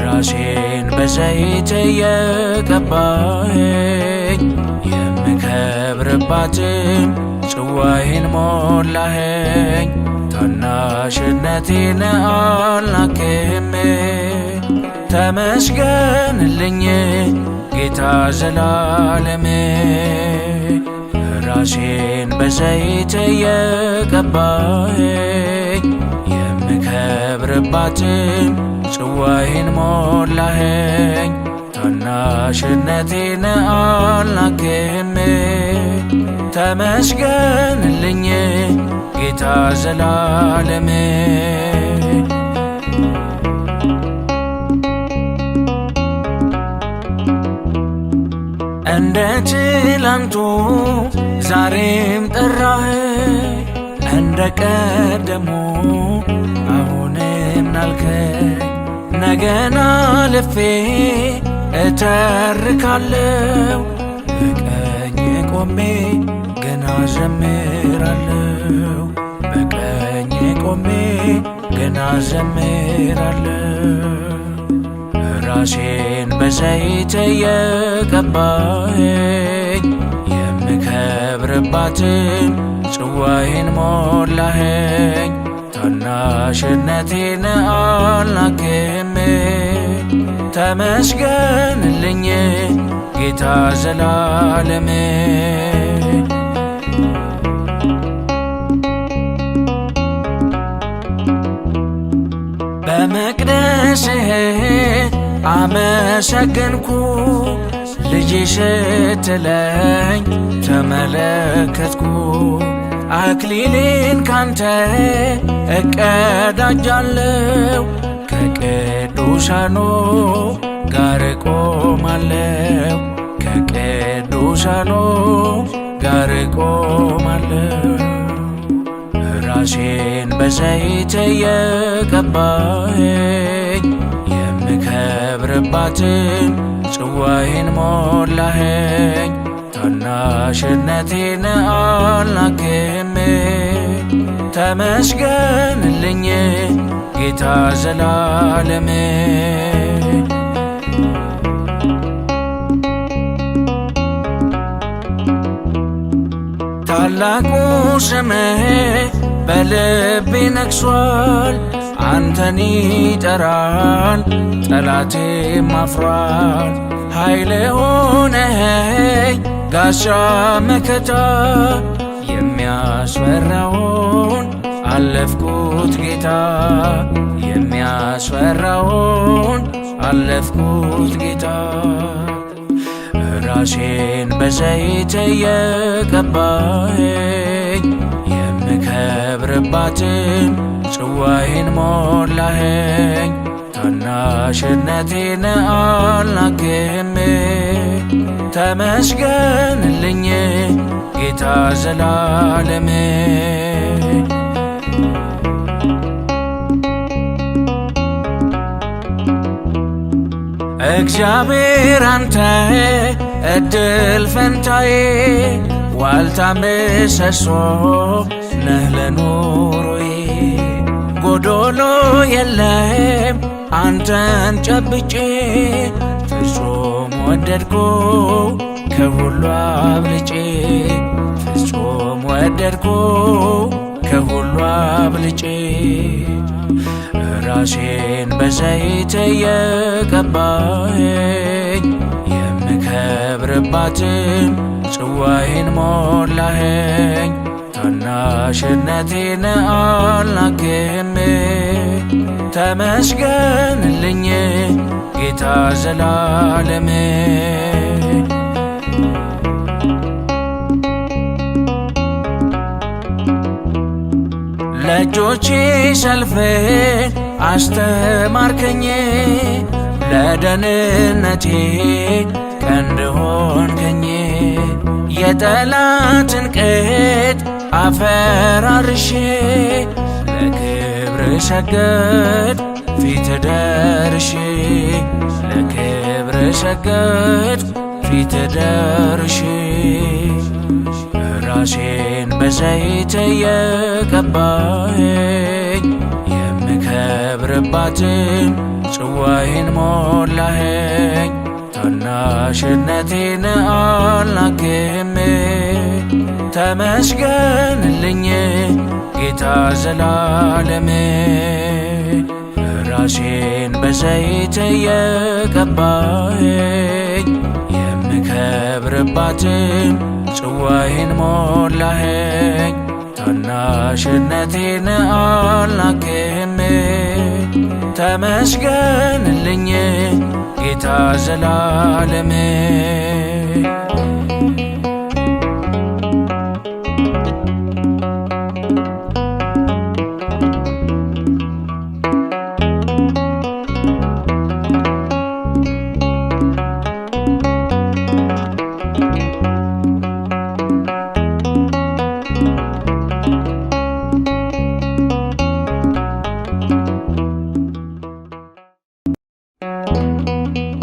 راشین به زیت یک ሞላኸኝ የምከብርባችን ጭዋዬን ሞላኸኝ ታናሽነቴን አልናክም ተመስገንልኝ ጌታ ዘላለም ራሴን በዘይት የቀባኸኝ የምከብርባትን ጭዋዬን ሞላኸኝ ታናሽነቴን አልናቅም ተመስገንልኝ ጌታ ዘላለም እንደ ትላንቱ ዛሬም ጠራህ እንደ ቀደሙ አሁንም ናልከ ነገና ልፌ እተርካለው በቀኝ ቆሜ ገና ዘምራለው በቀኝ ቆሜ ገና ዘምራለው ራሴን በዘይት የቀባኸኝ የምከብርባትን ጽዋዬን ሞላኸኝ ታናሽነቴን አልናቅም ተመስገንልኝ ጌታ ዘላለም በመቅደስህ አመሰገንኩ ልጅ ስትለኝ ተመለከትኩ አክሊልን ካንተ እቀዳጃለው ከቅ ከቅዱሳኑ ጋር ቆማለው ከቅዱሳኑ ጋር ቆማለው ራሴን በዘይት የቀባኸኝ የምከብርባትን ጽዋዬን ሞላኸኝ ታናሽነቴን አልናክም ተመስገንልኝ ጌታ ዘላለም ታላቁ ስምህ በልቤ ነግሷል። አንተን ይጠራል ጠላቴ ማፍራል ኃይል ሆነህ ጋሻ መከታ የሚያስፈራውን አለፍኩት ጌታ የሚያስፈራውን አለፍኩት ጌታ ራሴን በዘይት እየቀባኸኝ የምከብርባትን ጽዋዬን ሞላኸኝ ታናሽነቴን አልናቅም ተመስገንልኝ ጌታ ዘላለም እግዚአብሔር አንተ እድል ፈንታዬ ዋልታ ምሰሶ ነህ ለኑሮዬ ጎዶሎ የለም አንተን ጨብጬ ፍጹም ወደድኩ ከሁሉ አብልጬ ፍጹም ወደድኩ ከሁሉ አብልጬ ራሴን በዘይት እየቀባህ ከብርባችን ጭዋዬን ሞላኸኝ ታናሽነቴን አልናክም ተመስገንልኝ ጌታ ዘላለም ለእጆቼ ሰልፍህን አስተማርከኝ ለደህንነቴ ቀንድ ሆንከኝ የጠላትን ቅጥ አፈራርሼ ለክብር ሸገድ ፊት ደርሽ ለክብር ሸገድ ፊት ደርሽ ራሴን በዘይት የቀባኸኝ የምከብርባትን ጽዋዬን ሞላኸኝ ታናሽነቴን አልናቅም ተመስገንልኝ ጌታ ዘላለም ራሴን በዘይት የቀባኸኝ የምከብርባትን ጽዋዬን ሞላኸኝ ታናሽነቴን አልናቅም ተመስገንልኝ ጌታ ዘላለሜ موسیقی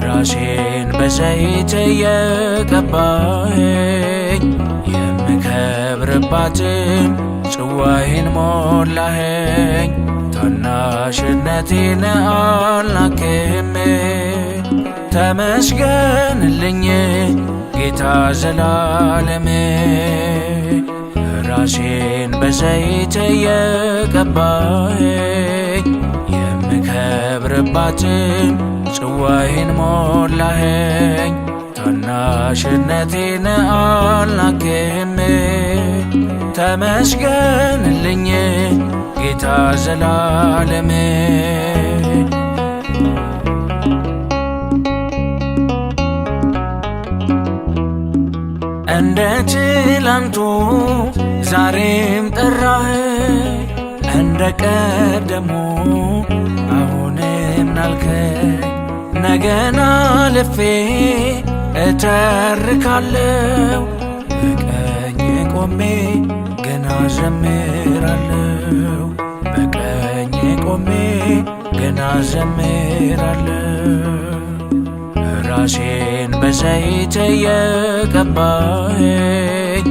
راشین بشه ایچه یه کپاهه ባትን ጭዋዬን ሞላህኝ ታናሽነቴን አልናክም ተመስገንልኝ ጌታ ዘላለም ራሴን በዘይት የቀባኸኝ የምከብርባትን ጽዋይን ሞላህኝ ታናሽነቴን አልናክም ተመስገንልኝ ጌታ ዘላለም እንደ ትላንቱ ዛሬም ጠራህ እንደ ቀደሙ አሁንም ናልከ ነገና ልፌ እተርካለው በቀኝ ቆሜ አዘምራለሁ በቀኝ ቆሜ ገና አዘምራለሁ ራሴን በዘይት የቀባኸኝ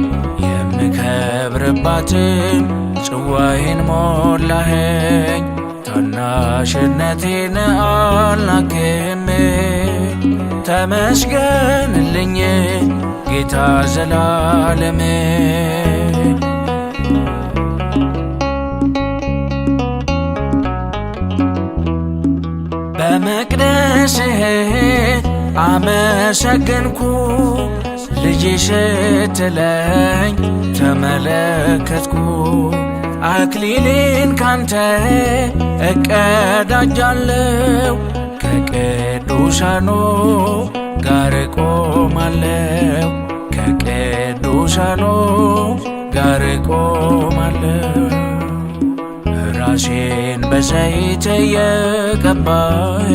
የምከብርባትን ጽዋዬን ሞላኸኝ ታናሽነቴን አልናቅም ተመስገንልኝ ጌታ ዘላለም አመሰገንኩ ልጄ ስትለኝ ተመለከትኩ አክሊልን ካንተ እቀዳጃለው ከቅዱሳኑ ጋር ቆማለው ከቅዱሳኑ ጋር ቆማለው ራሴን በዘይት የቀባሄ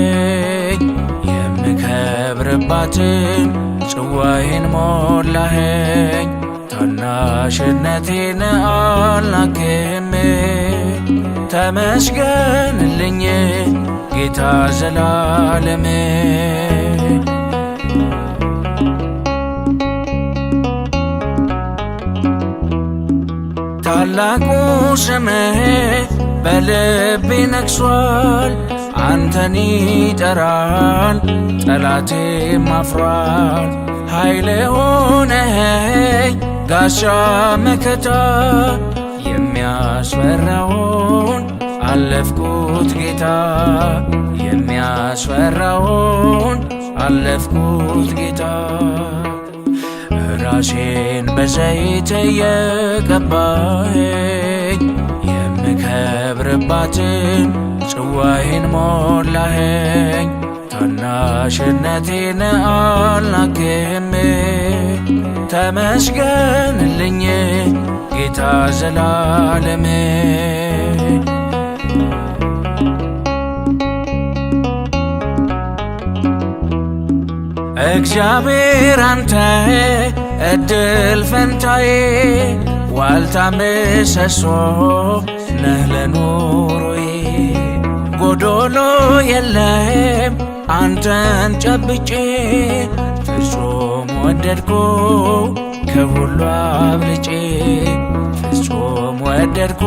ብረባትን ጽዋዬን ሞላኸኝ ታናሽነቴን አልናክም ተመስገንልኝ ጌታ ዘላለም ታላቁ ስምህ በልቤ ነግሷል አንተን ይጠራል ጠላቴ ማፍራት ኃይሌ ሆነኸኝ ጋሻ መከታ የሚያስፈራውን አለፍኩት ጌታ የሚያስፈራውን አለፍኩት ጌታ ራሴን በዘይት እየቀባህ ከብርባችን ጭዋዬን ሞላኸኝ ታናሽነቴን አልናቅም ተመስገንልኝ ጌታ ዘላለም እግዚአብሔር አንተ እድል ፈንታዬ ዋልታ ምሰሶ ነህ ለኑሮዬ ጎዶሎ የለም አንተን ጨብጬ ፍጹም ወደድኩ ከሁሉ አብልጬ ፍጹም ወደድኩ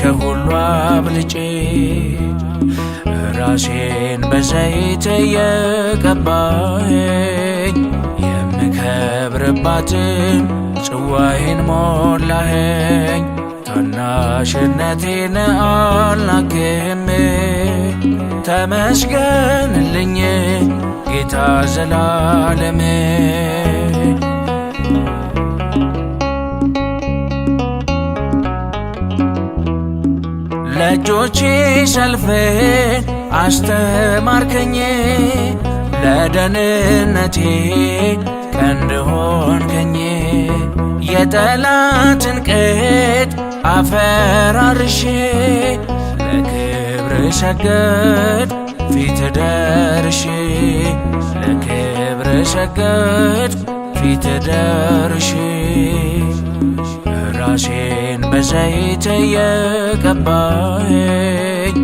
ከሁሉ አብልጬ ራሴን በዘይት የቀባኸኝ የምከብርባትን ጽዋዬን ሞላኸኝ ታናሽነቴን አልናቅም ተመስገንልኝ ጌታ ዘላለም ለእጆቼ ሰልፍን አስተማርከኝ ለደህንነቴ ቀንድ ሆንከኝ የጠላትን ቅጥ አፈራርሼ ለክብር ሸገድ ፊት ደርሼ ለክብር ሸገድ ፊት ደርሼ ራሴን በዘይት የቀባኸኝ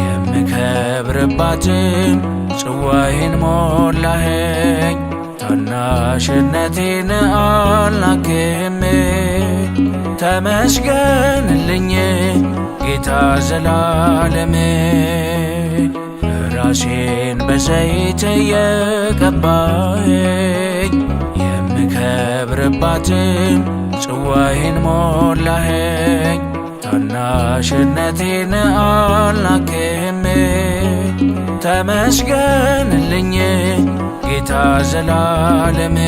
የምከብርባትን ጽዋዬን ሞላኸኝ ታናሽነቴን አልናቅም ተመስገንልኝ ጌታ ዘላለም ራሴን በዘይት የቀባኸኝ የምከብርባትን ጽዋዬን ሞላኸኝ ታናሽነቴን አልናቅህም ተመስገንልኝ ጌታ ዘላለም